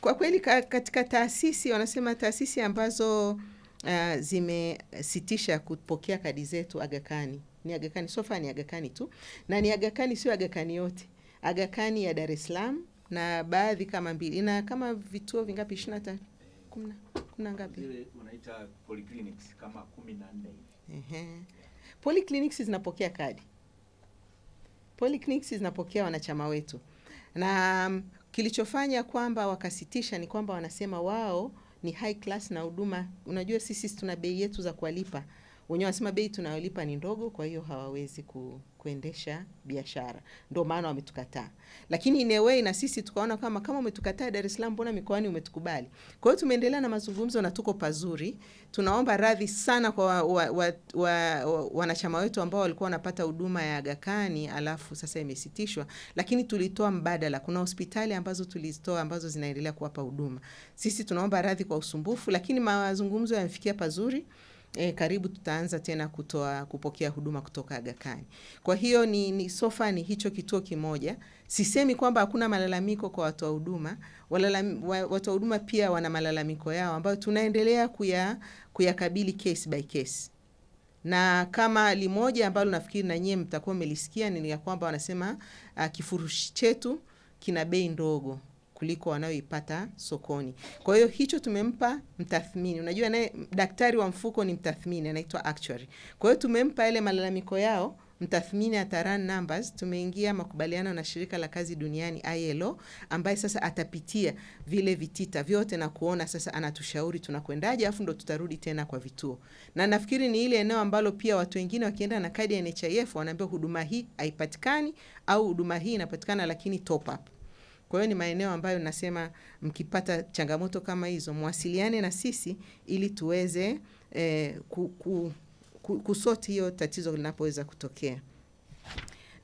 Kwa kweli katika taasisi wanasema taasisi ambazo uh, zimesitisha kupokea kadi zetu agakani ni agakani sofa ni agakani tu, na ni agakani sio agakani yote, agakani ya Dar es Salaam na baadhi kama mbili na kama vituo vingapi, ishirini na tano kumna kumna ngapi unaita polyclinics kama kumi na nne hivi polyclinics zinapokea kadi, polyclinics zinapokea wanachama wetu na Kilichofanya kwamba wakasitisha ni kwamba wanasema wao ni high class na huduma, unajua sisi tuna bei yetu za kuwalipa wenye wanasema bei tunayolipa ni ndogo, kwa hiyo hawawezi ku, kuendesha biashara, ndio maana wametukataa. Lakini in a way na sisi tukaona kama kama umetukataa Dar es Salaam, mbona mikoani umetukubali? Kwa hiyo tumeendelea na mazungumzo na tuko pazuri. Tunaomba radhi sana kwa wanachama wa, wa, wa, wa, wa wetu ambao walikuwa wanapata huduma ya Gakani alafu sasa imesitishwa, lakini tulitoa mbadala. Kuna hospitali ambazo tulizitoa ambazo zinaendelea kuwapa huduma. Sisi tunaomba radhi kwa usumbufu, lakini mazungumzo yamefikia pazuri e, karibu tutaanza tena kutoa kupokea huduma kutoka Aga Khan. Kwa hiyo ni, ni sofa ni hicho kituo kimoja. Sisemi kwamba hakuna malalamiko kwa watoa huduma, watoa huduma pia wana malalamiko yao ambayo tunaendelea kuya kuyakabili case by case na kama limoja ambalo nafikiri na nyie mtakuwa mmelisikia ni ya kwamba wanasema uh, kifurushi chetu kina bei ndogo kuliko wanayoipata sokoni. Kwa hiyo hicho tumempa mtathmini. Unajua naye daktari wa mfuko ni mtathmini, anaitwa actuary. Kwa hiyo tumempa yale malalamiko yao mtathmini ataran numbers. Tumeingia makubaliano na shirika la kazi duniani ILO, ambaye sasa atapitia vile vitita vyote na kuona sasa anatushauri tunakwendaje, afu ndo tutarudi tena kwa vituo. Na nafikiri ni ile eneo ambalo pia watu wengine wakienda na kadi ya NHIF wanaambiwa huduma hii haipatikani au huduma hii inapatikana lakini top up kwa hiyo ni maeneo ambayo nasema mkipata changamoto kama hizo mwasiliane na sisi ili tuweze eh, ku, ku, ku, kusoti hiyo tatizo linapoweza kutokea.